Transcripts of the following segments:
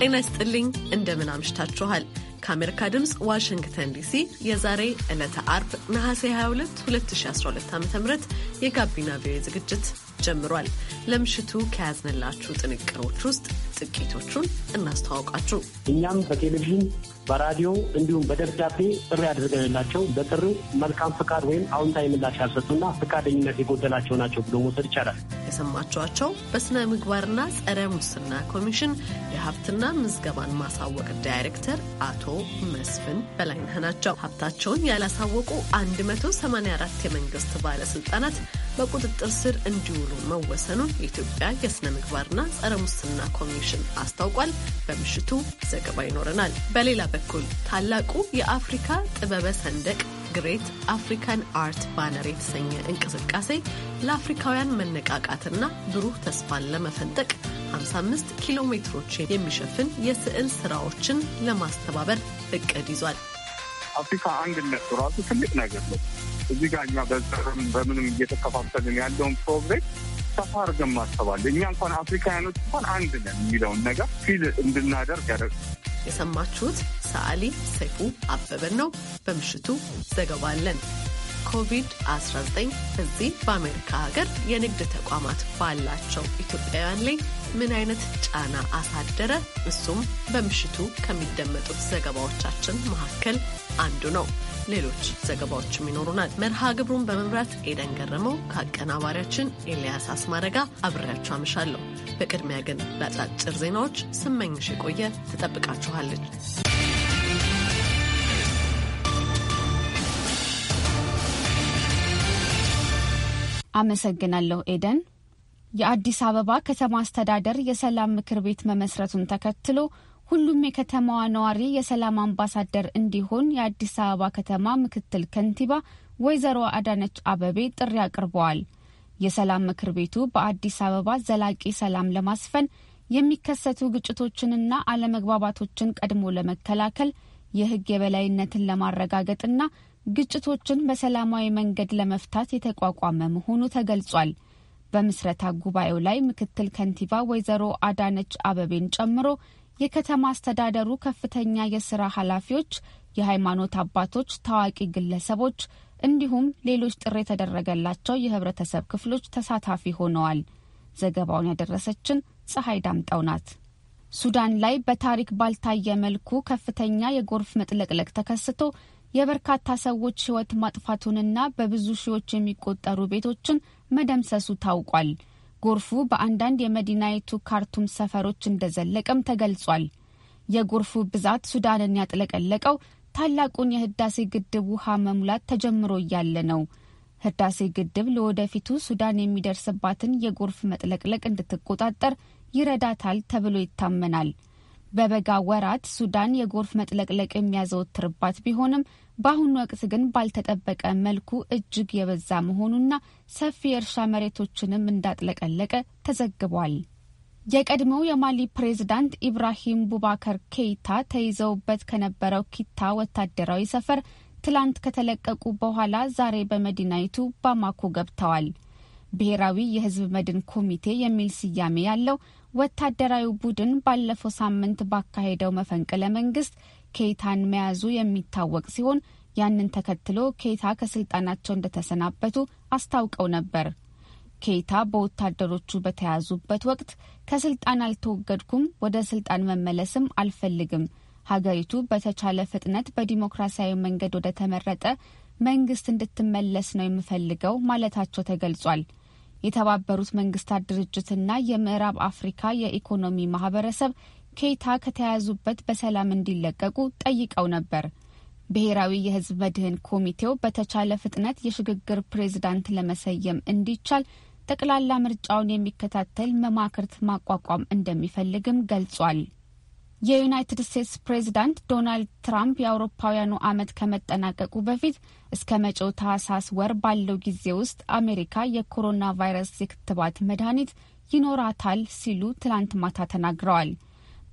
ጤና ይስጥልኝ። እንደምን አምሽታችኋል? ከአሜሪካ ድምፅ ዋሽንግተን ዲሲ የዛሬ ዕለተ አርብ ነሐሴ 22 2012 ዓ ም የጋቢና ቪኦኤ ዝግጅት ጀምሯል። ለምሽቱ ከያዝንላችሁ ጥንቅሮች ውስጥ ጥቂቶቹን እናስተዋውቃችሁ። እኛም በቴሌቪዥን በራዲዮ እንዲሁም በደብዳቤ ጥሪ አድርገንላቸው በጥሪ መልካም ፍቃድ ወይም አዎንታዊ ምላሽ ያልሰጡና ፍቃደኝነት የጎደላቸው ናቸው ብሎ መውሰድ ይቻላል። የሰማችኋቸው በስነ ምግባርና ጸረ ሙስና ኮሚሽን የሀብትና ምዝገባን ማሳወቅ ዳይሬክተር አቶ መስፍን በላይነህ ናቸው። ሀብታቸውን ያላሳወቁ 184 የመንግስት ባለስልጣናት በቁጥጥር ስር እንዲውሉ መወሰኑን የኢትዮጵያ የሥነ ምግባርና ጸረ ሙስና ኮሚሽን አስታውቋል። በምሽቱ ዘገባ ይኖረናል። በሌላ በኩል ታላቁ የአፍሪካ ጥበበ ሰንደቅ ግሬት አፍሪካን አርት ባነር የተሰኘ እንቅስቃሴ ለአፍሪካውያን መነቃቃትና ብሩህ ተስፋን ለመፈንጠቅ 55 ኪሎ ሜትሮች የሚሸፍን የስዕል ስራዎችን ለማስተባበር እቅድ ይዟል። አፍሪካ አንድነቱ ራሱ ትልቅ ነገር ነው። እዚህ ጋር እኛ በዘርም በምንም እየተከፋፈልን ያለውን ፕሮግሬስ ሰፋ አድርገን ማስተባል እኛ እንኳን አፍሪካውያኖች እንኳን አንድ ነን የሚለውን ነገር ፊል እንድናደርግ ያደርግ የሰማችሁት ሰዓሊ ሰይፉ አበበን ነው። በምሽቱ ዘገባ አለን። ኮቪድ-19 እዚህ በአሜሪካ ሀገር የንግድ ተቋማት ባላቸው ኢትዮጵያውያን ላይ ምን አይነት ጫና አሳደረ? እሱም በምሽቱ ከሚደመጡት ዘገባዎቻችን መካከል አንዱ ነው። ሌሎች ዘገባዎችም ይኖሩናል። መርሃ ግብሩን በመምራት ኤደን ገረመው ከአቀናባሪያችን ኤልያስ አስማረጋ አብሬያችሁ አመሻለሁ። በቅድሚያ ግን ለአጫጭር ዜናዎች ስመኝሽ የቆየ ትጠብቃችኋለች። አመሰግናለሁ ኤደን። የአዲስ አበባ ከተማ አስተዳደር የሰላም ምክር ቤት መመስረቱን ተከትሎ ሁሉም የከተማዋ ነዋሪ የሰላም አምባሳደር እንዲሆን የአዲስ አበባ ከተማ ምክትል ከንቲባ ወይዘሮ አዳነች አበቤ ጥሪ አቅርበዋል። የሰላም ምክር ቤቱ በአዲስ አበባ ዘላቂ ሰላም ለማስፈን የሚከሰቱ ግጭቶችንና አለመግባባቶችን ቀድሞ ለመከላከል የሕግ የበላይነትን ለማረጋገጥና ግጭቶችን በሰላማዊ መንገድ ለመፍታት የተቋቋመ መሆኑ ተገልጿል። በምስረታ ጉባኤው ላይ ምክትል ከንቲባ ወይዘሮ አዳነች አበቤን ጨምሮ የከተማ አስተዳደሩ ከፍተኛ የስራ ኃላፊዎች፣ የሃይማኖት አባቶች፣ ታዋቂ ግለሰቦች እንዲሁም ሌሎች ጥሪ የተደረገላቸው የህብረተሰብ ክፍሎች ተሳታፊ ሆነዋል። ዘገባውን ያደረሰችን ፀሐይ ዳምጠው ናት። ሱዳን ላይ በታሪክ ባልታየ መልኩ ከፍተኛ የጎርፍ መጥለቅለቅ ተከስቶ የበርካታ ሰዎች ሕይወት ማጥፋቱንና በብዙ ሺዎች የሚቆጠሩ ቤቶችን መደምሰሱ ታውቋል። ጎርፉ በአንዳንድ የመዲናይቱ ካርቱም ሰፈሮች እንደዘለቀም ተገልጿል። የጎርፉ ብዛት ሱዳንን ያጥለቀለቀው ታላቁን የህዳሴ ግድብ ውሃ መሙላት ተጀምሮ እያለ ነው። ህዳሴ ግድብ ለወደፊቱ ሱዳን የሚደርስባትን የጎርፍ መጥለቅለቅ እንድትቆጣጠር ይረዳታል ተብሎ ይታመናል። በበጋ ወራት ሱዳን የጎርፍ መጥለቅለቅ የሚያዘወትርባት ቢሆንም በአሁኑ ወቅት ግን ባልተጠበቀ መልኩ እጅግ የበዛ መሆኑና ሰፊ የእርሻ መሬቶችንም እንዳጥለቀለቀ ተዘግቧል። የቀድሞው የማሊ ፕሬዝዳንት ኢብራሂም ቡባከር ኬይታ ተይዘውበት ከነበረው ኪታ ወታደራዊ ሰፈር ትላንት ከተለቀቁ በኋላ ዛሬ በመዲናይቱ ባማኮ ገብተዋል። ብሔራዊ የሕዝብ መድን ኮሚቴ የሚል ስያሜ ያለው ወታደራዊ ቡድን ባለፈው ሳምንት ባካሄደው መፈንቅለ መንግስት ኬይታን መያዙ የሚታወቅ ሲሆን ያንን ተከትሎ ኬይታ ከስልጣናቸው እንደተሰናበቱ አስታውቀው ነበር። ኬይታ በወታደሮቹ በተያዙበት ወቅት ከስልጣን አልተወገድኩም፣ ወደ ስልጣን መመለስም አልፈልግም፣ ሀገሪቱ በተቻለ ፍጥነት በዲሞክራሲያዊ መንገድ ወደ ተመረጠ መንግስት እንድትመለስ ነው የምፈልገው ማለታቸው ተገልጿል። የተባበሩት መንግስታት ድርጅትና የምዕራብ አፍሪካ የኢኮኖሚ ማህበረሰብ ኬይታ ከተያያዙበት በሰላም እንዲለቀቁ ጠይቀው ነበር። ብሔራዊ የህዝብ መድህን ኮሚቴው በተቻለ ፍጥነት የሽግግር ፕሬዝዳንት ለመሰየም እንዲቻል ጠቅላላ ምርጫውን የሚከታተል መማክርት ማቋቋም እንደሚፈልግም ገልጿል። የዩናይትድ ስቴትስ ፕሬዚዳንት ዶናልድ ትራምፕ የአውሮፓውያኑ ዓመት ከመጠናቀቁ በፊት እስከ መጪው ታህሳስ ወር ባለው ጊዜ ውስጥ አሜሪካ የኮሮና ቫይረስ የክትባት መድኃኒት ይኖራታል ሲሉ ትላንት ማታ ተናግረዋል።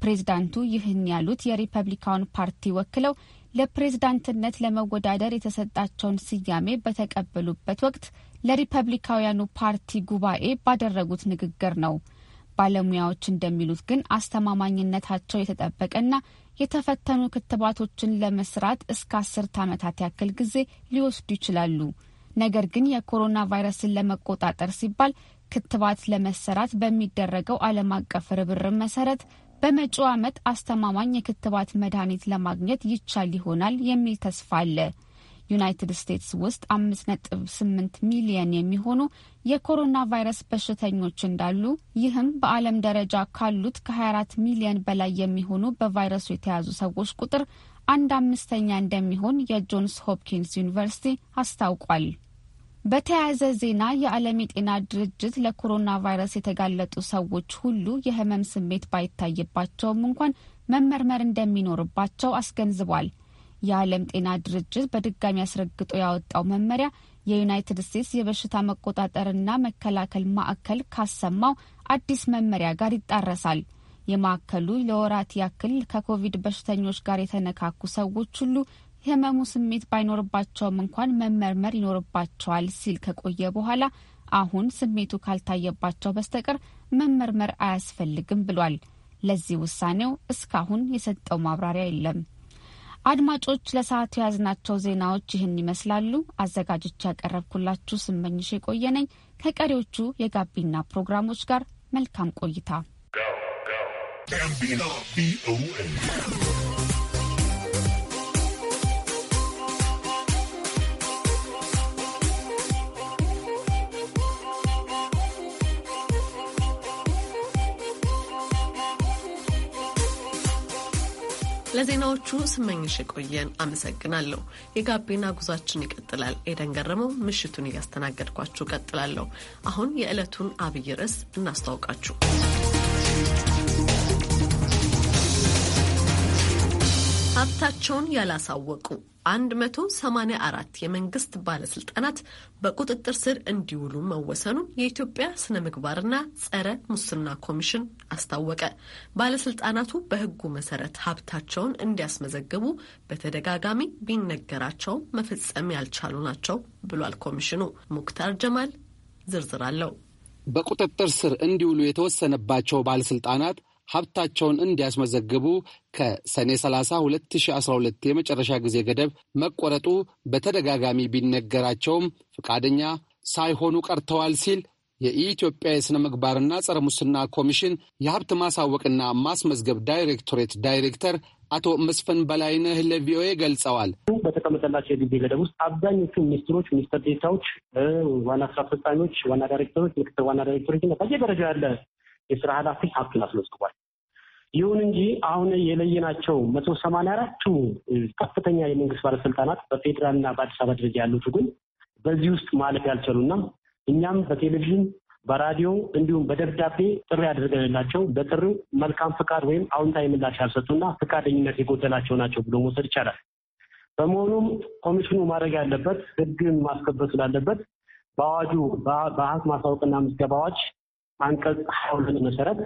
ፕሬዚዳንቱ ይህን ያሉት የሪፐብሊካውን ፓርቲ ወክለው ለፕሬዝዳንትነት ለመወዳደር የተሰጣቸውን ስያሜ በተቀበሉበት ወቅት ለሪፐብሊካውያኑ ፓርቲ ጉባኤ ባደረጉት ንግግር ነው። ባለሙያዎች እንደሚሉት ግን አስተማማኝነታቸው የተጠበቀና የተፈተኑ ክትባቶችን ለመስራት እስከ አስርት ዓመታት ያክል ጊዜ ሊወስዱ ይችላሉ። ነገር ግን የኮሮና ቫይረስን ለመቆጣጠር ሲባል ክትባት ለመሰራት በሚደረገው ዓለም አቀፍ ርብርብ መሰረት በመጪው ዓመት አስተማማኝ የክትባት መድኃኒት ለማግኘት ይቻል ይሆናል የሚል ተስፋ አለ። ዩናይትድ ስቴትስ ውስጥ አምስት ነጥብ ስምንት ሚሊየን የሚሆኑ የኮሮና ቫይረስ በሽተኞች እንዳሉ ይህም በዓለም ደረጃ ካሉት ከ24 ሚሊየን በላይ የሚሆኑ በቫይረሱ የተያዙ ሰዎች ቁጥር አንድ አምስተኛ እንደሚሆን የጆንስ ሆፕኪንስ ዩኒቨርሲቲ አስታውቋል። በተያያዘ ዜና የዓለም የጤና ድርጅት ለኮሮና ቫይረስ የተጋለጡ ሰዎች ሁሉ የህመም ስሜት ባይታይባቸውም እንኳን መመርመር እንደሚኖርባቸው አስገንዝቧል። የዓለም ጤና ድርጅት በድጋሚ አስረግጦ ያወጣው መመሪያ የዩናይትድ ስቴትስ የበሽታ መቆጣጠርና መከላከል ማዕከል ካሰማው አዲስ መመሪያ ጋር ይጣረሳል። የማዕከሉ ለወራት ያክል ከኮቪድ በሽተኞች ጋር የተነካኩ ሰዎች ሁሉ የህመሙ ስሜት ባይኖርባቸውም እንኳን መመርመር ይኖርባቸዋል ሲል ከቆየ በኋላ አሁን ስሜቱ ካልታየባቸው በስተቀር መመርመር አያስፈልግም ብሏል። ለዚህ ውሳኔው እስካሁን የሰጠው ማብራሪያ የለም። አድማጮች ለሰዓቱ የያዝናቸው ዜናዎች ይህን ይመስላሉ። አዘጋጆች ያቀረብኩላችሁ ስመኝሽ የቆየነኝ ከቀሪዎቹ የጋቢና ፕሮግራሞች ጋር መልካም ቆይታ። ለዜናዎቹ ስመኝሽ የቆየን አመሰግናለሁ። የጋቢና ጉዟችን ይቀጥላል። ኤደን ገረመው ምሽቱን እያስተናገድኳችሁ ቀጥላለሁ። አሁን የዕለቱን አብይ ርዕስ እናስተዋውቃችሁ። ሀብታቸውን ያላሳወቁ 184 የመንግስት ባለስልጣናት በቁጥጥር ስር እንዲውሉ መወሰኑን የኢትዮጵያ ስነ ምግባርና ጸረ ሙስና ኮሚሽን አስታወቀ። ባለስልጣናቱ በህጉ መሰረት ሀብታቸውን እንዲያስመዘግቡ በተደጋጋሚ ቢነገራቸው መፈጸም ያልቻሉ ናቸው ብሏል ኮሚሽኑ። ሙክታር ጀማል ዝርዝር አለው። በቁጥጥር ስር እንዲውሉ የተወሰነባቸው ባለስልጣናት ሀብታቸውን እንዲያስመዘግቡ ከሰኔ 30 2012 የመጨረሻ ጊዜ ገደብ መቆረጡ በተደጋጋሚ ቢነገራቸውም ፈቃደኛ ሳይሆኑ ቀርተዋል ሲል የኢትዮጵያ የሥነ ምግባርና ጸረ ሙስና ኮሚሽን የሀብት ማሳወቅና ማስመዝገብ ዳይሬክቶሬት ዳይሬክተር አቶ መስፈን በላይነህ ለቪኦኤ ገልጸዋል። በተቀመጠላቸው የጊዜ ገደብ ውስጥ አብዛኞቹ ሚኒስትሮች፣ ሚኒስትር ዴታዎች፣ ዋና ስራ አስፈጻሚዎች፣ ዋና ዳይሬክተሮች፣ ምክትል ዋና ዳይሬክተሮች በየደረጃ ያለ የስራ ኃላፊ ሀብቱን አስመዝግቧል። ይሁን እንጂ አሁን የለየናቸው መቶ ሰማንያ አራቱ ከፍተኛ የመንግስት ባለስልጣናት በፌዴራልና በአዲስ አበባ ደረጃ ያሉት ግን በዚህ ውስጥ ማለፍ ያልቻሉና እኛም በቴሌቪዥን በራዲዮ እንዲሁም በደብዳቤ ጥሪ ያደርገላቸው በጥሪው መልካም ፍቃድ ወይም አዎንታዊ ምላሽ ያልሰጡና ፍቃደኝነት የጎደላቸው ናቸው ብሎ መውሰድ ይቻላል። በመሆኑም ኮሚሽኑ ማድረግ ያለበት ህግን ማስከበር ስላለበት በአዋጁ በሀብት ማስታወቅና ምዝገባ አዋጅ አንቀጽ ሀያ ሁለት መሰረት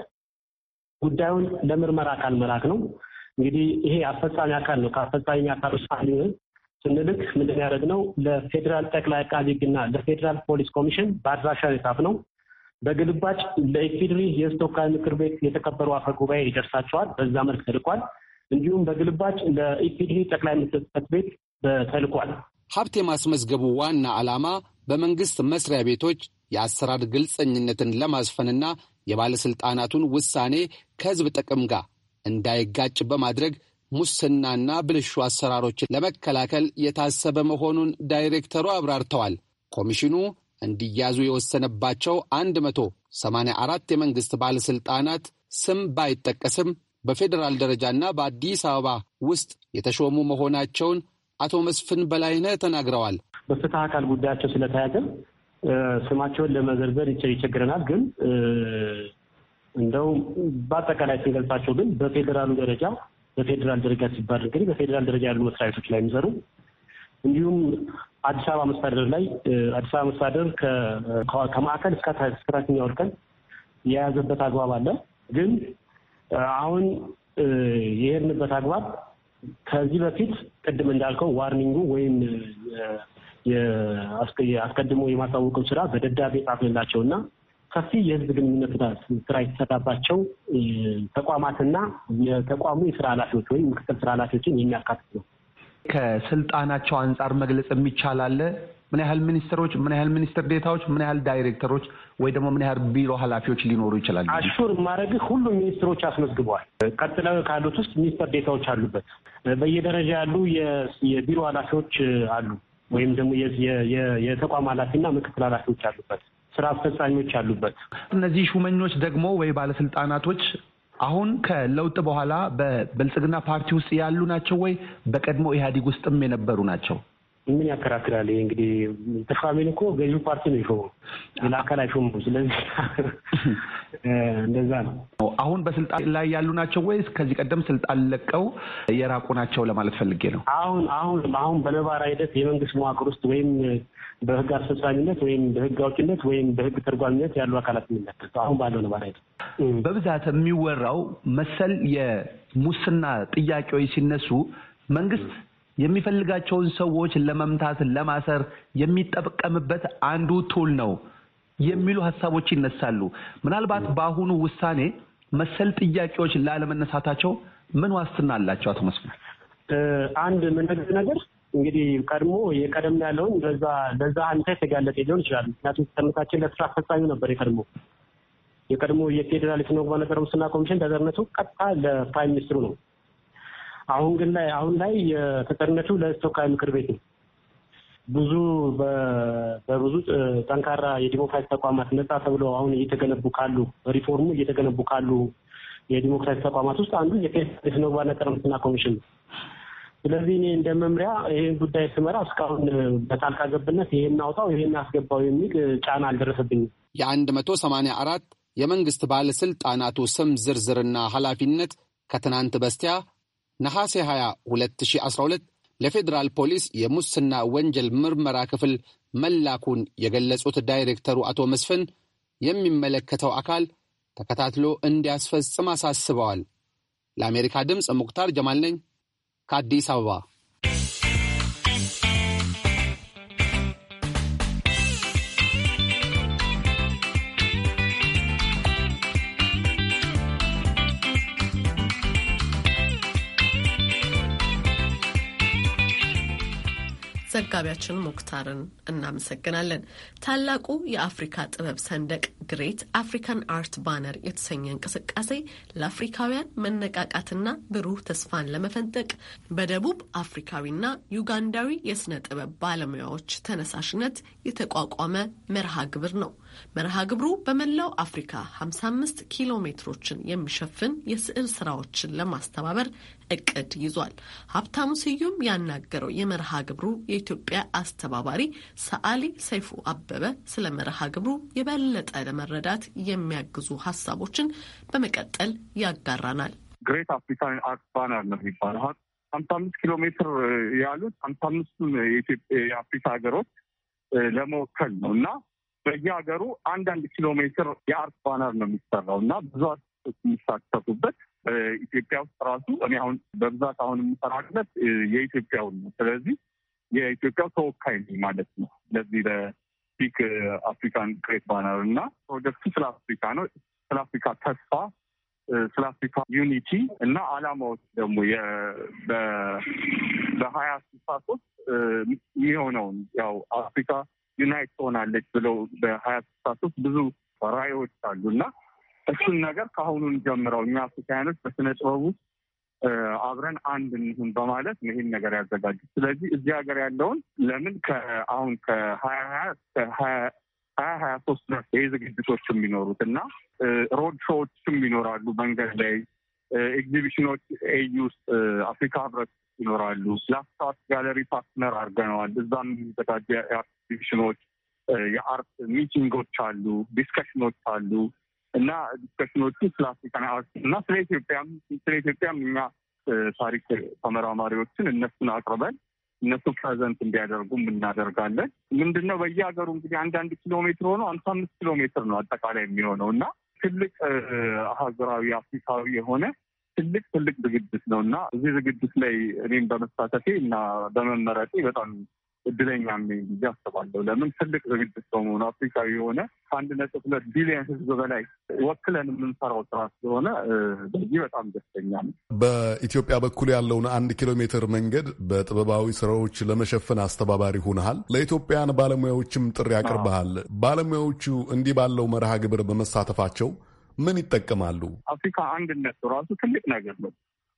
ጉዳዩን ለምርመራ አካል መላክ ነው። እንግዲህ ይሄ አስፈጻሚ አካል ነው። ከአስፈጻሚ አካል ውስጥ አንዱ ስንልክ ምንድን ያደረግ ነው ለፌዴራል ጠቅላይ አቃቢ ሕግና ለፌዴራል ፖሊስ ኮሚሽን በአድራሻ የጻፍ ነው። በግልባጭ ለኢፌዴሪ የሕዝብ ተወካዮች ምክር ቤት የተከበሩ አፈ ጉባኤ ይደርሳቸዋል። በዛ መልክ ተልኳል። እንዲሁም በግልባጭ ለኢፌዴሪ ጠቅላይ ሚኒስትር ጽሕፈት ቤት ተልኳል። ሀብት የማስመዝገቡ ዋና ዓላማ በመንግስት መስሪያ ቤቶች የአሰራር ግልጸኝነትን ለማስፈንና የባለሥልጣናቱን ውሳኔ ከሕዝብ ጥቅም ጋር እንዳይጋጭ በማድረግ ሙስናና ብልሹ አሰራሮችን ለመከላከል የታሰበ መሆኑን ዳይሬክተሩ አብራርተዋል። ኮሚሽኑ እንዲያዙ የወሰነባቸው 184 የመንግሥት ባለሥልጣናት ስም ባይጠቀስም በፌዴራል ደረጃና በአዲስ አበባ ውስጥ የተሾሙ መሆናቸውን አቶ መስፍን በላይነህ ተናግረዋል። በፍትህ አካል ጉዳያቸው ስለተያዘ ስማቸውን ለመዘርዘር ይቸግረናል። ግን እንደው በአጠቃላይ ስንገልጻቸው ግን በፌዴራሉ ደረጃ በፌዴራል ደረጃ ሲባል እንግዲህ በፌዴራል ደረጃ ያሉ መስሪያ ቤቶች ላይ የሚሰሩ እንዲሁም አዲስ አበባ መስተዳደር ላይ አዲስ አበባ መስተዳደር ከማዕከል እስከ ወርቀን የያዘበት አግባብ አለ። ግን አሁን የሄድንበት አግባብ ከዚህ በፊት ቅድም እንዳልከው ዋርኒንጉ ወይም አስቀድሞ የማሳወቀው ስራ በደብዳቤ ጻፍላቸው እና ሰፊ የህዝብ ግንኙነት ስራ የተሰራባቸው ተቋማትና የተቋሙ የስራ ኃላፊዎች ወይም ምክትል ስራ ኃላፊዎችን የሚያካትት ነው። ከስልጣናቸው አንጻር መግለጽ የሚቻል አለ። ምን ያህል ሚኒስትሮች፣ ምን ያህል ሚኒስትር ዴታዎች፣ ምን ያህል ዳይሬክተሮች ወይ ደግሞ ምን ያህል ቢሮ ኃላፊዎች ሊኖሩ ይችላሉ? አሹር ማድረግ ሁሉም ሚኒስትሮች አስመዝግበዋል። ቀጥለው ካሉት ውስጥ ሚኒስትር ዴታዎች አሉበት። በየደረጃ ያሉ የቢሮ ኃላፊዎች አሉ። ወይም ደግሞ የተቋም ኃላፊና ምክትል ኃላፊዎች አሉበት፣ ስራ አስፈጻሚዎች አሉበት። እነዚህ ሹመኞች ደግሞ ወይ ባለስልጣናቶች አሁን ከለውጥ በኋላ በብልጽግና ፓርቲ ውስጥ ያሉ ናቸው ወይ በቀድሞ ኢህአዴግ ውስጥም የነበሩ ናቸው? ምን ያከራክራል? ይሄ እንግዲህ ተፋሚን እኮ ገዢው ፓርቲ ነው የሾመው፣ ሌላ አካል ስለዚህ እንደዛ ነው። አሁን በስልጣን ላይ ያሉ ናቸው ወይስ ከዚህ ቀደም ስልጣን ለቀው የራቁ ናቸው ለማለት ፈልጌ ነው። አሁን አሁን አሁን በነባራ ሂደት የመንግስት መዋቅር ውስጥ ወይም በህግ አስፈጻሚነት ወይም በህግ አውጭነት ወይም በህግ ተርጓሚነት ያሉ አካላት የሚመለከቱ አሁን ባለው ነባራ ሂደት በብዛት የሚወራው መሰል የሙስና ጥያቄዎች ሲነሱ መንግስት የሚፈልጋቸውን ሰዎች ለመምታት፣ ለማሰር የሚጠቀምበት አንዱ ቱል ነው የሚሉ ሀሳቦች ይነሳሉ። ምናልባት በአሁኑ ውሳኔ መሰል ጥያቄዎች ላለመነሳታቸው ምን ዋስትና አላቸው? አቶ መስፍን፣ አንድ ምንግ ነገር እንግዲህ ቀድሞ የቀደም ያለውን ለዛ ለዛ አንተ የተጋለጠ ሊሆን ይችላል። ምክንያቱም ተመታችን ለስራ አስፈጻሚው ነበር የቀድሞ የቀድሞ የፌዴራል ስነ ምግባርና ጸረ ሙስና ኮሚሽን ተጠሪነቱ ቀጥታ ለፕራይም ሚኒስትሩ ነው። አሁን ግን ላይ አሁን ላይ ተጠሪነቱ ለተወካዮች ምክር ቤት ነው። ብዙ በብዙ ጠንካራ የዲሞክራሲ ተቋማት ነጻ ተብሎ አሁን እየተገነቡ ካሉ ሪፎርሙ እየተገነቡ ካሉ የዲሞክራሲ ተቋማት ውስጥ አንዱ የፌዴሬሽን ስነ ኮሚሽን ነው። ስለዚህ እኔ እንደ መምሪያ ይህን ጉዳይ ስመራ እስካሁን በጣልቃ ገብነት ይሄን አውጣው ይሄን አስገባው የሚል ጫና አልደረሰብኝም። የአንድ መቶ ሰማንያ አራት የመንግስት ባለስልጣናቱ ስም ዝርዝርና ኃላፊነት ከትናንት በስቲያ ነሐሴ 20 2012 ለፌዴራል ፖሊስ የሙስና ወንጀል ምርመራ ክፍል መላኩን የገለጹት ዳይሬክተሩ አቶ መስፍን የሚመለከተው አካል ተከታትሎ እንዲያስፈጽም አሳስበዋል። ለአሜሪካ ድምፅ ሙክታር ጀማል ነኝ ከአዲስ አበባ። ዘጋቢያችን ሙክታርን እናመሰግናለን። ታላቁ የአፍሪካ ጥበብ ሰንደቅ ግሬት አፍሪካን አርት ባነር የተሰኘ እንቅስቃሴ ለአፍሪካውያን መነቃቃትና ብሩህ ተስፋን ለመፈንጠቅ በደቡብ አፍሪካዊና ዩጋንዳዊ የሥነ ጥበብ ባለሙያዎች ተነሳሽነት የተቋቋመ መርሃ ግብር ነው። መርሃ ግብሩ በመላው አፍሪካ 55 ኪሎ ሜትሮችን የሚሸፍን የስዕል ስራዎችን ለማስተባበር እቅድ ይዟል። ሀብታሙ ስዩም ያናገረው የመርሃ ግብሩ የኢትዮጵያ አስተባባሪ ሰዓሊ ሰይፉ አበበ ስለ መርሃ ግብሩ የበለጠ ለመረዳት የሚያግዙ ሀሳቦችን በመቀጠል ያጋራናል። ግሬት አፍሪካን አርት ባነር ነው የሚባለው። ሀምሳ አምስት ኪሎ ሜትር ያሉት ሀምሳ አምስቱን የአፍሪካ ሀገሮች ለመወከል ነው እና በየሀገሩ አንዳንድ ኪሎ ሜትር የአርት ባነር ነው የሚሰራው እና ብዙ አርቲስቶች የሚሳተፉበት ኢትዮጵያ ውስጥ ራሱ እኔ አሁን በብዛት አሁን የምሰራበት የኢትዮጵያውን ነው። ስለዚህ የኢትዮጵያው ተወካይ ማለት ነው ለዚህ ለፒክ አፍሪካን ክሬት ባነር እና ፕሮጀክቱ ስለ አፍሪካ ነው። ስለ አፍሪካ ተስፋ፣ ስለ አፍሪካ ዩኒቲ እና አላማዎች ደግሞ በሀያ ስልሳ ሶስት የሚሆነውን ያው አፍሪካ ዩናይት ትሆናለች ብለው በሀያ ስልሳ ሶስት ብዙ ራዕዮች አሉ እና እሱን ነገር ከአሁኑን ጀምረው እኛ አፍሪካውያኖች በስነ ጥበብ ውስጥ አብረን አንድ እንሁን በማለት ይህን ነገር ያዘጋጁ። ስለዚህ እዚህ ሀገር ያለውን ለምን ከአሁን ከሀያ ሀያ ሀያ ሀያ ሶስት ድረስ ይህ ዝግጅቶች የሚኖሩት እና ሮድ ሾዎችም ይኖራሉ። መንገድ ላይ ኤግዚቢሽኖች ኤዩ ውስጥ አፍሪካ ህብረት ይኖራሉ። ላስታት ጋለሪ ፓርትነር አድርገነዋል። እዛም የሚዘጋጁ ኤግዚቢሽኖች፣ የአርት ሚቲንጎች አሉ፣ ዲስከሽኖች አሉ እና ዲስከሽኖቹ ስለ አፍሪካን አርት እና ስለ ኢትዮጵያም ስለ ኢትዮጵያም እኛ ታሪክ ተመራማሪዎችን እነሱን አቅርበን እነሱ ፕሬዘንት እንዲያደርጉም እናደርጋለን። ምንድነው በየሀገሩ እንግዲህ አንዳንድ ኪሎ ሜትር ሆኖ አምሳ አምስት ኪሎ ሜትር ነው አጠቃላይ የሚሆነው እና ትልቅ ሀገራዊ አፍሪካዊ የሆነ ትልቅ ትልቅ ዝግጅት ነው እና እዚህ ዝግጅት ላይ እኔም በመሳተፌ እና በመመረጤ በጣም እድለኛ ነኝ ብዬ አስባለሁ። ለምን ትልቅ ዝግጅት በመሆኑ አፍሪካዊ የሆነ ከአንድ ነጥብ ሁለት ቢሊዮን ሕዝብ በላይ ወክለን የምንሰራው ስራ ስለሆነ በዚህ በጣም ደስተኛ ነው። በኢትዮጵያ በኩል ያለውን አንድ ኪሎ ሜትር መንገድ በጥበባዊ ስራዎች ለመሸፈን አስተባባሪ ሆነሃል። ለኢትዮጵያን ባለሙያዎችም ጥሪ ያቀርበሃል። ባለሙያዎቹ እንዲህ ባለው መርሃ ግብር በመሳተፋቸው ምን ይጠቀማሉ? አፍሪካ አንድነት ራሱ ትልቅ ነገር ነው።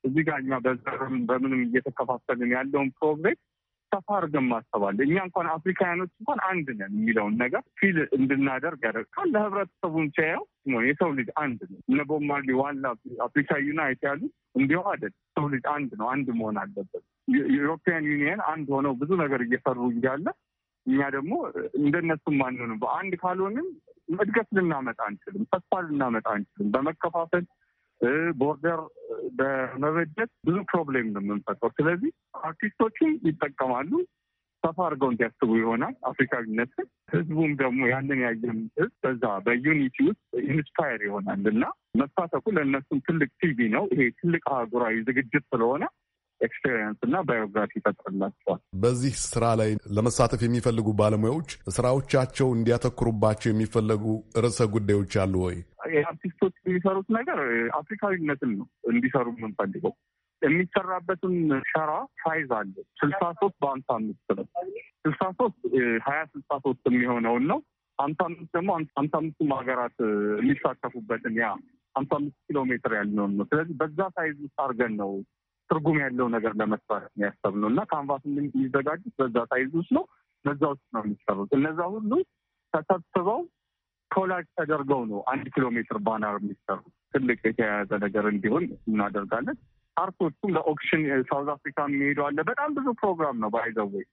እዚህ ጋር እኛ በዘርም በምንም እየተከፋፈልን ያለውን ፕሮግሬስ ሰፋ አድርገን ማሰባለ እኛ እንኳን አፍሪካውያኖች እንኳን አንድ ነን የሚለውን ነገር ፊል እንድናደርግ ያደርጋል። ለህብረተሰቡን ሲያየው የሰው ልጅ አንድ ነው። እነ ቦብ ማርሌ ዋና አፍሪካ ዩናይት ያሉ እንዲሁ አይደል? ሰው ልጅ አንድ ነው፣ አንድ መሆን አለበት። የዩሮፒያን ዩኒየን አንድ ሆነው ብዙ ነገር እየሰሩ እያለ እኛ ደግሞ እንደነሱም ማንሆንም በአንድ ካልሆንም እድገት ልናመጣ አንችልም፣ ተስፋ ልናመጣ አንችልም። በመከፋፈል ቦርደር በመበጀት ብዙ ፕሮብሌም ነው የምንፈጠው። ስለዚህ አርቲስቶቹ ይጠቀማሉ ሰፋ አድርገው እንዲያስቡ ይሆናል አፍሪካዊነትን። ህዝቡም ደግሞ ያንን ያየም ህዝብ በዛ በዩኒቲ ውስጥ ኢንስፓየር ይሆናል እና መሳተፉ ለእነሱም ትልቅ ቲቪ ነው። ይሄ ትልቅ አህጉራዊ ዝግጅት ስለሆነ ኤክስፔሪንስ እና ባዮግራፊ ይፈጥርላቸዋል። በዚህ ስራ ላይ ለመሳተፍ የሚፈልጉ ባለሙያዎች ስራዎቻቸው እንዲያተኩሩባቸው የሚፈለጉ ርዕሰ ጉዳዮች አሉ ወይ? የአርቲስቶች የሚሰሩት ነገር አፍሪካዊነትን ነው እንዲሰሩ የምንፈልገው። የሚሰራበትን ሸራ ሳይዝ አለ። ስልሳ ሶስት በአምሳ አምስት ነው። ስልሳ ሶስት ሀያ ስልሳ ሶስት የሚሆነውን ነው። አምሳ አምስት ደግሞ አምሳ አምስቱም ሀገራት የሚሳተፉበትን ያ አምሳ አምስት ኪሎ ሜትር ያለውን ነው። ስለዚህ በዛ ሳይዝ ውስጥ አድርገን ነው ትርጉም ያለው ነገር ለመስራት የሚያሰብ ነው እና ካንቫስ የሚዘጋጁት በዛ ሳይዝ ውስጥ ነው፣ በዛ ውስጥ ነው የሚሰሩት። እነዛ ሁሉ ተሰብስበው ኮላጅ ተደርገው ነው አንድ ኪሎ ሜትር ባናር የሚሰሩት። ትልቅ የተያያዘ ነገር እንዲሆን እናደርጋለን። አርቶቹም ለኦክሽን ሳውዝ አፍሪካ የሚሄዱ አለ። በጣም ብዙ ፕሮግራም ነው ባይዘወይ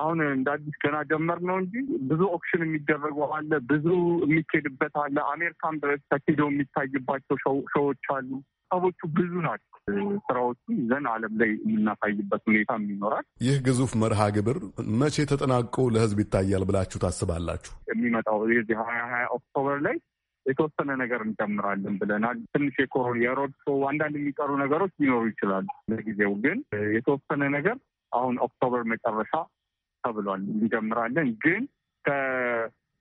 አሁን እንደ አዲስ ገና ጀመር ነው እንጂ ብዙ ኦክሽን የሚደረጉ አለ፣ ብዙ የሚኬድበት አለ። አሜሪካን ድረስ ተኪዶ የሚታይባቸው ሾዎች አሉ። ሰዎቹ ብዙ ናቸው። ስራዎቹን ይዘን ዓለም ላይ የምናሳይበት ሁኔታም ይኖራል። ይህ ግዙፍ መርሃ ግብር መቼ ተጠናቆ ለህዝብ ይታያል ብላችሁ ታስባላችሁ? የሚመጣው የዚህ ሀያ ሀያ ኦክቶበር ላይ የተወሰነ ነገር እንጨምራለን ብለናል። ትንሽ የኮሮን የሮድ ሾው አንዳንድ የሚቀሩ ነገሮች ሊኖሩ ይችላሉ። ለጊዜው ግን የተወሰነ ነገር አሁን ኦክቶበር መጨረሻ ተብሏል እንጀምራለን ግን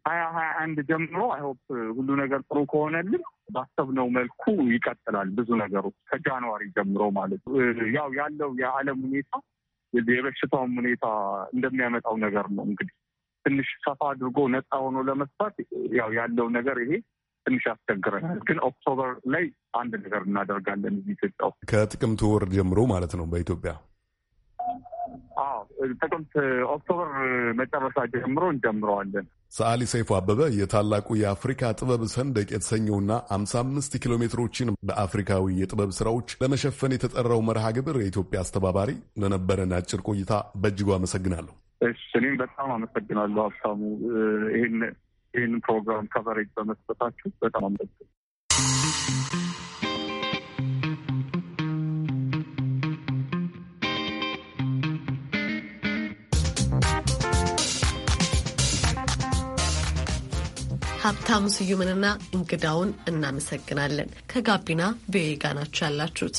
ሀያ ሀያ አንድ ጀምሮ አይሆፕ ሁሉ ነገር ጥሩ ከሆነልን ባሰብነው መልኩ ይቀጥላል። ብዙ ነገሩ ከጃንዋሪ ጀምሮ ማለት ያው ያለው የዓለም ሁኔታ የበሽታውም ሁኔታ እንደሚያመጣው ነገር ነው እንግዲህ ትንሽ ሰፋ አድርጎ ነፃ ሆኖ ለመስራት ያው ያለው ነገር ይሄ ትንሽ ያስቸግረናል። ግን ኦክቶበር ላይ አንድ ነገር እናደርጋለን እዚህ ኢትዮጵያ ከጥቅምት ወር ጀምሮ ማለት ነው በኢትዮጵያ ጥቅምት ኦክቶበር መጨረሻ ጀምሮ እንጀምረዋለን። ሰዓሊ ሰይፉ አበበ የታላቁ የአፍሪካ ጥበብ ሰንደቅ የተሰኘውና 55 ኪሎ ሜትሮችን በአፍሪካዊ የጥበብ ስራዎች ለመሸፈን የተጠራው መርሃ ግብር የኢትዮጵያ አስተባባሪ ለነበረን አጭር ቆይታ በእጅጉ አመሰግናለሁ። እኔም በጣም አመሰግናለሁ ሀብታሙ፣ ይህን ፕሮግራም ከቨሬጅ በመስጠታችሁ በጣም አመሰግናለሁ። ሀብታሙ ስዩምንና እንግዳውን እናመሰግናለን። ከጋቢና ቪኦኤ ጋር ናችሁ ያላችሁት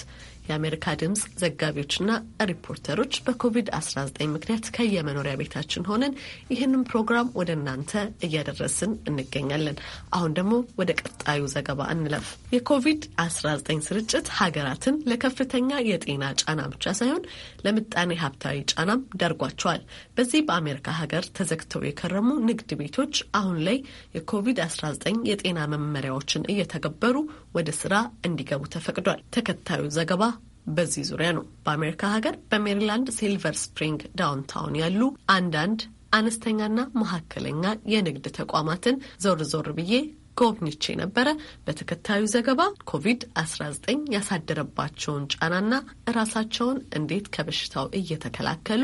የአሜሪካ ድምፅ ዘጋቢዎችና ሪፖርተሮች በኮቪድ-19 ምክንያት ከየመኖሪያ ቤታችን ሆነን ይህንን ፕሮግራም ወደ እናንተ እያደረስን እንገኛለን። አሁን ደግሞ ወደ ቀጣዩ ዘገባ እንለፍ። የኮቪድ-19 ስርጭት ሀገራትን ለከፍተኛ የጤና ጫና ብቻ ሳይሆን ለምጣኔ ሀብታዊ ጫናም ደርጓቸዋል። በዚህ በአሜሪካ ሀገር ተዘግተው የከረሙ ንግድ ቤቶች አሁን ላይ የኮቪድ-19 የጤና መመሪያዎችን እየተገበሩ ወደ ስራ እንዲገቡ ተፈቅዷል። ተከታዩ ዘገባ በዚህ ዙሪያ ነው። በአሜሪካ ሀገር በሜሪላንድ ሲልቨር ስፕሪንግ ዳውንታውን ያሉ አንዳንድ አነስተኛና መካከለኛ የንግድ ተቋማትን ዞር ዞር ብዬ ጎብኝቼ ነበረ። በተከታዩ ዘገባ ኮቪድ-19 ያሳደረባቸውን ጫናና እራሳቸውን እንዴት ከበሽታው እየተከላከሉ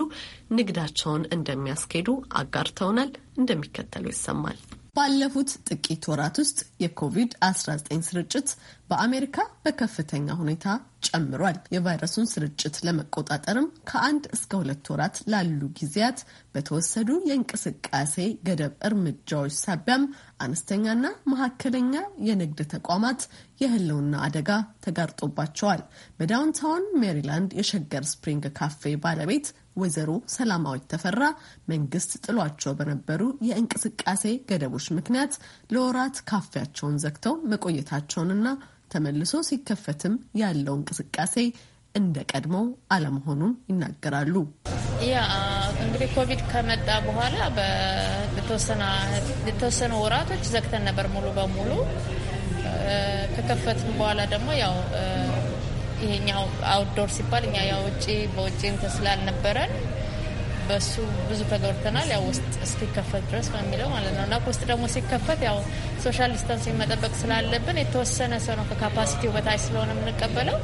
ንግዳቸውን እንደሚያስኬዱ አጋርተውናል። እንደሚከተለው ይሰማል። ባለፉት ጥቂት ወራት ውስጥ የኮቪድ-19 ስርጭት በአሜሪካ በከፍተኛ ሁኔታ ጨምሯል። የቫይረሱን ስርጭት ለመቆጣጠርም ከአንድ እስከ ሁለት ወራት ላሉ ጊዜያት በተወሰዱ የእንቅስቃሴ ገደብ እርምጃዎች ሳቢያም አነስተኛና መካከለኛ የንግድ ተቋማት የህልውና አደጋ ተጋርጦባቸዋል። በዳውንታውን ሜሪላንድ የሸገር ስፕሪንግ ካፌ ባለቤት ወይዘሮ ሰላማዊት ተፈራ መንግስት ጥሏቸው በነበሩ የእንቅስቃሴ ገደቦች ምክንያት ለወራት ካፌያቸውን ዘግተው መቆየታቸውንና ተመልሶ ሲከፈትም ያለው እንቅስቃሴ እንደ ቀድሞ አለመሆኑን ይናገራሉ። ያ እንግዲህ ኮቪድ ከመጣ በኋላ በተወሰኑ ወራቶች ዘግተን ነበር ሙሉ በሙሉ ከከፈትን በኋላ ደግሞ ያው ይሄኛው አውትዶር ሲባል እኛ ያው ውጭ በውጭ እንትን ስላልነበረን በሱ ብዙ ተገብርተናል። ያው ውስጥ እስኪከፈት ድረስ በሚለው ማለት ነው። እና ውስጥ ደግሞ ሲከፈት ያው ሶሻል ዲስታንስ መጠበቅ ስላለብን የተወሰነ ሰው ነው ከካፓሲቲው በታች ስለሆነ የምንቀበለው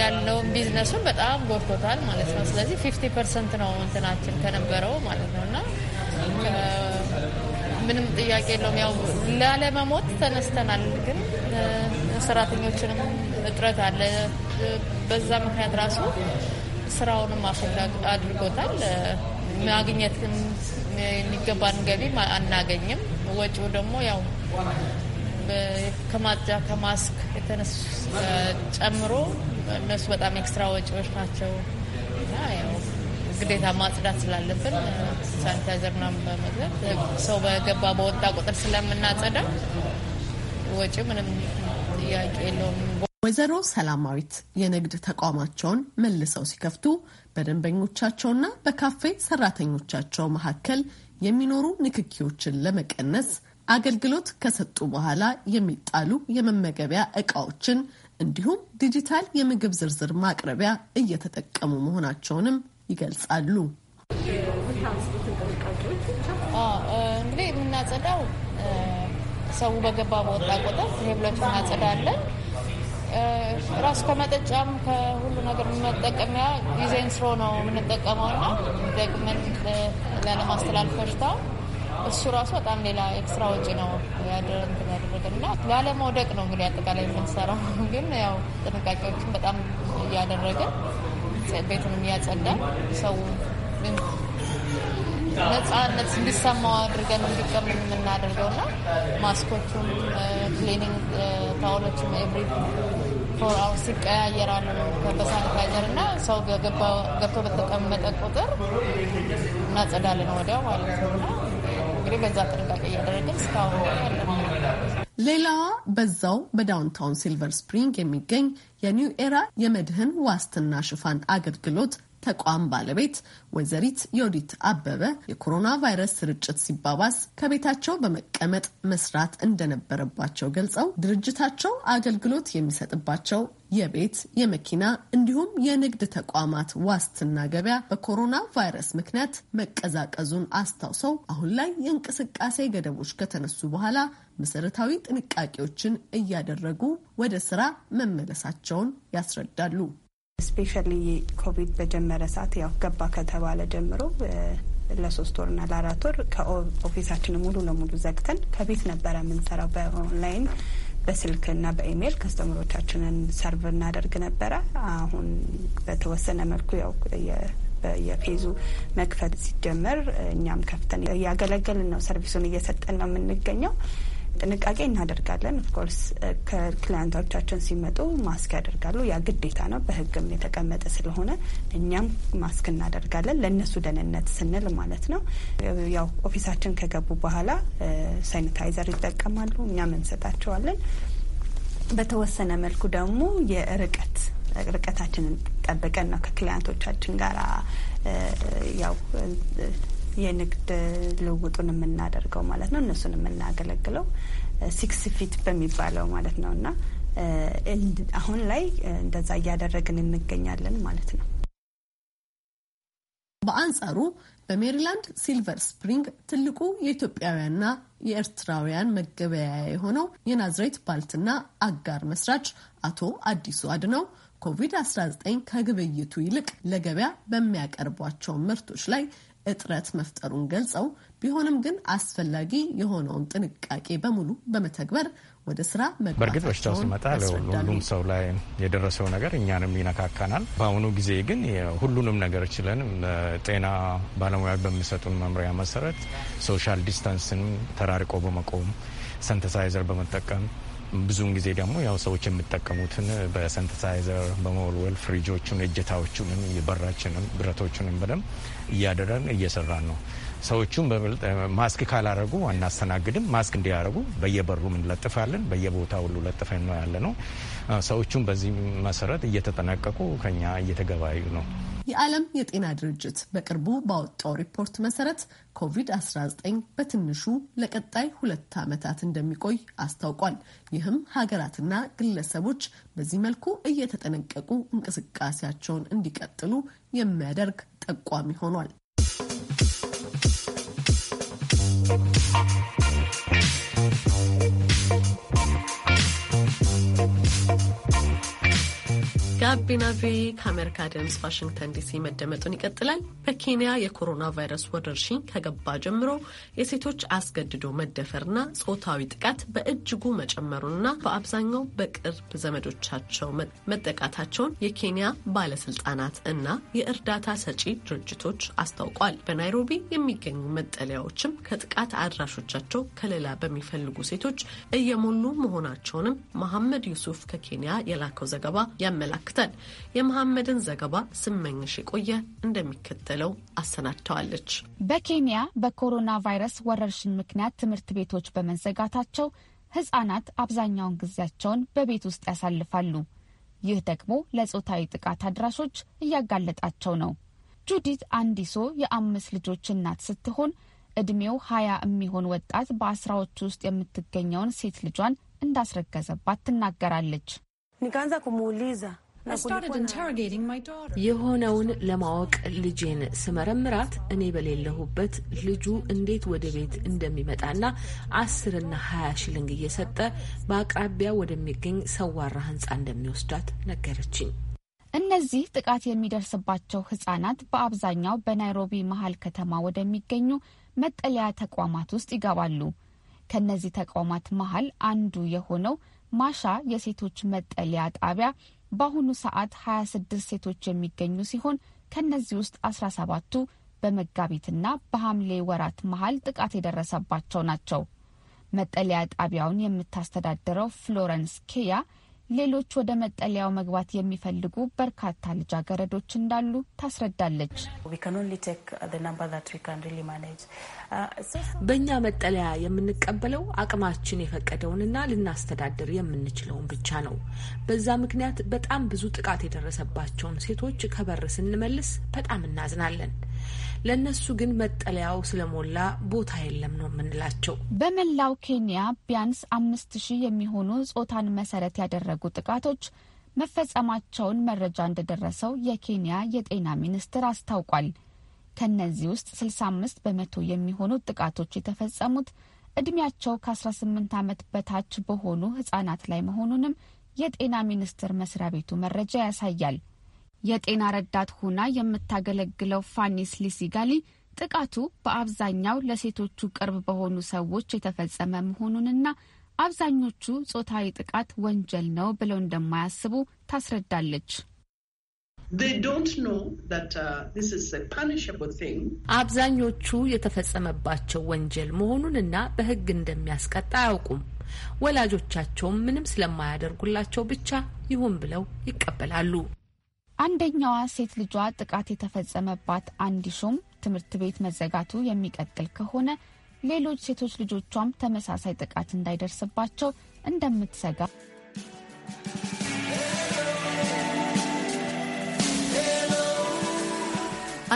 ያለውን ቢዝነሱን በጣም ጎድቶታል ማለት ነው። ስለዚህ ፊፍቲ ፐርሰንት ነው እንትናችን ከነበረው ማለት ነው። እና ምንም ጥያቄ የለውም። ያው ላለመሞት ተነስተናል፣ ግን ሰራተኞችንም እጥረት አለ። በዛ ምክንያት ራሱ ስራውንም አፈላግ አድርጎታል። ማግኘት የሚገባን ገቢ አናገኝም። ወጪው ደግሞ ያው ከማጽጃ ከማስክ የተነሱ ጨምሮ እነሱ በጣም ኤክስትራ ወጪዎች ናቸው እና ያው ግዴታ ማጽዳት ስላለብን ሳኒታይዘር ምናምን በመግዛት ሰው በገባ በወጣ ቁጥር ስለምናጸዳ ወጪ ምንም ጥያቄ የለውም። ወይዘሮ ሰላማዊት የንግድ ተቋማቸውን መልሰው ሲከፍቱ በደንበኞቻቸውና በካፌ ሰራተኞቻቸው መካከል የሚኖሩ ንክኪዎችን ለመቀነስ አገልግሎት ከሰጡ በኋላ የሚጣሉ የመመገቢያ እቃዎችን እንዲሁም ዲጂታል የምግብ ዝርዝር ማቅረቢያ እየተጠቀሙ መሆናቸውንም ይገልጻሉ። እንግዲህ የምናጸዳው ሰው በገባ በወጣ ቁጥር ሄብሎች እናጸዳለን። ራሱ ከመጠጫም ከሁሉ ነገር መጠቀሚያ ጊዜን ስሮ ነው የምንጠቀመው እና ደግመን ለማስተላለፍ በሽታ እሱ ራሱ በጣም ሌላ ኤክስትራ ወጪ ነው ያደረግ ያደረግን እና ላለመውደቅ ነው እንግዲህ አጠቃላይ የምንሰራው። ግን ያው ጥንቃቄዎችን በጣም እያደረግን ቤቱን እያጸዳን ሰው ነጻነት እንዲሰማው አድርገን እንዲቀም የምናደርገው እና ማስኮቹም ክሊኒንግ ታውሎችም ኤብሪ ፎር አወርስ ይቀያየራሉ በሳኒታይዘር እና ሰው ገብቶ በተቀመጠ ቁጥር እናጸዳለን ወዲያው ማለት ነው እንግዲህ በዛ ጥንቃቄ እያደረግን እስካሁን ያለ ሌላዋ በዛው በዳውንታውን ሲልቨር ስፕሪንግ የሚገኝ የኒው ኤራ የመድህን ዋስትና ሽፋን አገልግሎት ተቋም ባለቤት ወይዘሪት ዮዲት አበበ የኮሮና ቫይረስ ስርጭት ሲባባስ ከቤታቸው በመቀመጥ መስራት እንደነበረባቸው ገልጸው ድርጅታቸው አገልግሎት የሚሰጥባቸው የቤት የመኪና እንዲሁም የንግድ ተቋማት ዋስትና ገበያ በኮሮና ቫይረስ ምክንያት መቀዛቀዙን አስታውሰው አሁን ላይ የእንቅስቃሴ ገደቦች ከተነሱ በኋላ መሰረታዊ ጥንቃቄዎችን እያደረጉ ወደ ስራ መመለሳቸውን ያስረዳሉ። ስፔሻሊ ኮቪድ በጀመረ ሰዓት ያው ገባ ከተባለ ጀምሮ ለሶስት ወርና ለአራት ወር ከኦፊሳችን ሙሉ ለሙሉ ዘግተን ከቤት ነበረ የምንሰራው። በኦንላይን በስልክና በኢሜይል ከስተምሮቻችንን ሰርቭ እናደርግ ነበረ። አሁን በተወሰነ መልኩ ያው የፌዙ መክፈት ሲጀመር እኛም ከፍተን እያገለገልን ነው፣ ሰርቪሱን እየሰጠን ነው የምንገኘው። ጥንቃቄ እናደርጋለን። ኦፍኮርስ ከክላይንቶቻችን ሲመጡ ማስክ ያደርጋሉ። ያ ግዴታ ነው፣ በህግም የተቀመጠ ስለሆነ እኛም ማስክ እናደርጋለን ለእነሱ ደህንነት ስንል ማለት ነው። ያው ኦፊሳችን ከገቡ በኋላ ሳኒታይዘር ይጠቀማሉ፣ እኛም እንሰጣቸዋለን። በተወሰነ መልኩ ደግሞ የርቀት ርቀታችንን ጠብቀን ነው ከክላያንቶቻችን ጋር ያው የንግድ ልውውጡን የምናደርገው ማለት ነው። እነሱን የምናገለግለው ሲክስ ፊት በሚባለው ማለት ነው እና አሁን ላይ እንደዛ እያደረግን እንገኛለን ማለት ነው። በአንጻሩ በሜሪላንድ ሲልቨር ስፕሪንግ ትልቁ የኢትዮጵያውያንና የኤርትራውያን መገበያያ የሆነው የናዝሬት ባልትና አጋር መስራች አቶ አዲሱ አድነው ኮቪድ-19 ከግብይቱ ይልቅ ለገበያ በሚያቀርቧቸው ምርቶች ላይ እጥረት መፍጠሩን ገልጸው ቢሆንም ግን አስፈላጊ የሆነውን ጥንቃቄ በሙሉ በመተግበር ወደ ስራ መግባታቸውን በእርግጥ በሽታው ሲመጣ ሁሉም ሰው ላይ የደረሰው ነገር እኛንም ይነካካናል። በአሁኑ ጊዜ ግን ሁሉንም ነገር ችለን ጤና ባለሙያ በሚሰጡን መምሪያ መሰረት ሶሻል ዲስታንስን ተራርቆ በመቆም ሰንተሳይዘር በመጠቀም ብዙውን ጊዜ ደግሞ ያው ሰዎች የምጠቀሙትን በሰንተሳይዘር በመወልወል ፍሪጆቹን፣ እጀታዎቹንም፣ የበራችንም ብረቶቹንም በደንብ እያደረን እየሰራን ነው። ሰዎቹም በበልጥ ማስክ ካላረጉ አናስተናግድም። ማስክ እንዲያረጉ በየበሩም እንለጥፋለን። በየቦታ ሁሉ ለጥፈን ነው ያለ ነው። ሰዎቹም በዚህ መሰረት እየተጠናቀቁ ከኛ እየተገባዩ ነው። የዓለም የጤና ድርጅት በቅርቡ ባወጣው ሪፖርት መሰረት ኮቪድ-19 በትንሹ ለቀጣይ ሁለት ዓመታት እንደሚቆይ አስታውቋል። ይህም ሀገራትና ግለሰቦች በዚህ መልኩ እየተጠነቀቁ እንቅስቃሴያቸውን እንዲቀጥሉ የሚያደርግ ጠቋሚ ሆኗል። ጋቢና ቪ ከአሜሪካ ድምፅ ዋሽንግተን ዲሲ መደመጡን ይቀጥላል። በኬንያ የኮሮና ቫይረስ ወረርሽኝ ከገባ ጀምሮ የሴቶች አስገድዶ መደፈርና ጾታዊ ጥቃት በእጅጉ መጨመሩንና በአብዛኛው በቅርብ ዘመዶቻቸው መጠቃታቸውን የኬንያ ባለስልጣናት እና የእርዳታ ሰጪ ድርጅቶች አስታውቋል። በናይሮቢ የሚገኙ መጠለያዎችም ከጥቃት አድራሾቻቸው ከሌላ በሚፈልጉ ሴቶች እየሞሉ መሆናቸውንም መሐመድ ዩሱፍ ከኬንያ የላከው ዘገባ ያመላክታል። አመላክተን የመሐመድን ዘገባ ስመኝሽ የቆየ እንደሚከተለው አሰናድተዋለች። በኬንያ በኮሮና ቫይረስ ወረርሽኝ ምክንያት ትምህርት ቤቶች በመዘጋታቸው ህጻናት አብዛኛውን ጊዜያቸውን በቤት ውስጥ ያሳልፋሉ። ይህ ደግሞ ለጾታዊ ጥቃት አድራሾች እያጋለጣቸው ነው። ጁዲት አንዲሶ የአምስት ልጆች እናት ስትሆን እድሜው ሀያ የሚሆን ወጣት በአስራዎቹ ውስጥ የምትገኘውን ሴት ልጇን እንዳስረገዘባት ትናገራለች። ኒካንዛ ኩሙሊዛ የሆነውን ለማወቅ ልጄን ስመረምራት እኔ በሌለሁበት ልጁ እንዴት ወደ ቤት እንደሚመጣና አስርና ሀያ ሽልንግ እየሰጠ በአቅራቢያ ወደሚገኝ ሰዋራ ህንፃ እንደሚወስዳት ነገረችኝ። እነዚህ ጥቃት የሚደርስባቸው ህጻናት በአብዛኛው በናይሮቢ መሀል ከተማ ወደሚገኙ መጠለያ ተቋማት ውስጥ ይገባሉ። ከእነዚህ ተቋማት መሀል አንዱ የሆነው ማሻ የሴቶች መጠለያ ጣቢያ በአሁኑ ሰዓት 26 ሴቶች የሚገኙ ሲሆን ከእነዚህ ውስጥ 17ቱ በመጋቢትና በሐምሌ ወራት መሀል ጥቃት የደረሰባቸው ናቸው። መጠለያ ጣቢያውን የምታስተዳድረው ፍሎረንስ ኬያ ሌሎች ወደ መጠለያው መግባት የሚፈልጉ በርካታ ልጃገረዶች እንዳሉ ታስረዳለች። uh, uh, በእኛ መጠለያ የምንቀበለው አቅማችን የፈቀደውንና ልናስተዳድር የምንችለውን ብቻ ነው። በዛ ምክንያት በጣም ብዙ ጥቃት የደረሰባቸውን ሴቶች ከበር ስንመልስ በጣም እናዝናለን። ለእነሱ ግን መጠለያው ስለሞላ ቦታ የለም ነው የምንላቸው። በመላው ኬንያ ቢያንስ አምስት ሺህ የሚሆኑ ጾታን መሰረት ያደረጉ ጥቃቶች መፈጸማቸውን መረጃ እንደደረሰው የኬንያ የጤና ሚኒስቴር አስታውቋል። ከእነዚህ ውስጥ 65 በመቶ የሚሆኑ ጥቃቶች የተፈጸሙት እድሜያቸው ከ18 ዓመት በታች በሆኑ ህጻናት ላይ መሆኑንም የጤና ሚኒስቴር መስሪያ ቤቱ መረጃ ያሳያል። የጤና ረዳት ሆና የምታገለግለው ፋኒስ ሊሲጋሊ ጥቃቱ በአብዛኛው ለሴቶቹ ቅርብ በሆኑ ሰዎች የተፈጸመ መሆኑንና አብዛኞቹ ጾታዊ ጥቃት ወንጀል ነው ብለው እንደማያስቡ ታስረዳለች። uh, አብዛኞቹ የተፈጸመባቸው ወንጀል መሆኑንና በሕግ እንደሚያስቀጣ አያውቁም። ወላጆቻቸውም ምንም ስለማያደርጉላቸው ብቻ ይሁን ብለው ይቀበላሉ። አንደኛዋ ሴት ልጇ ጥቃት የተፈጸመባት ሹም ትምህርት ቤት መዘጋቱ የሚቀጥል ከሆነ ሌሎች ሴቶች ልጆቿም ተመሳሳይ ጥቃት እንዳይደርስባቸው እንደምትሰጋ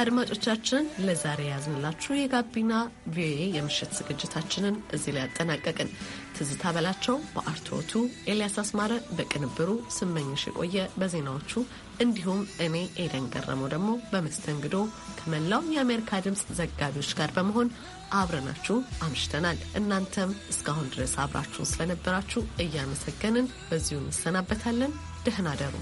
አድማጮቻችን ለዛሬ ያዝንላችሁ የጋቢና ቪኦኤ የምሽት ዝግጅታችንን እዚህ ላይ ያጠናቀቅን። ትዝታ በላቸው በአርትዖቱ፣ ኤልያስ አስማረ በቅንብሩ፣ ስመኝሽ የቆየ በዜናዎቹ እንዲሁም እኔ ኤደን ገረመው ደግሞ በመስተንግዶ ከመላው የአሜሪካ ድምፅ ዘጋቢዎች ጋር በመሆን አብረናችሁ አምሽተናል። እናንተም እስካሁን ድረስ አብራችሁን ስለነበራችሁ እያመሰገንን በዚሁ እንሰናበታለን። ደህና ደሩ።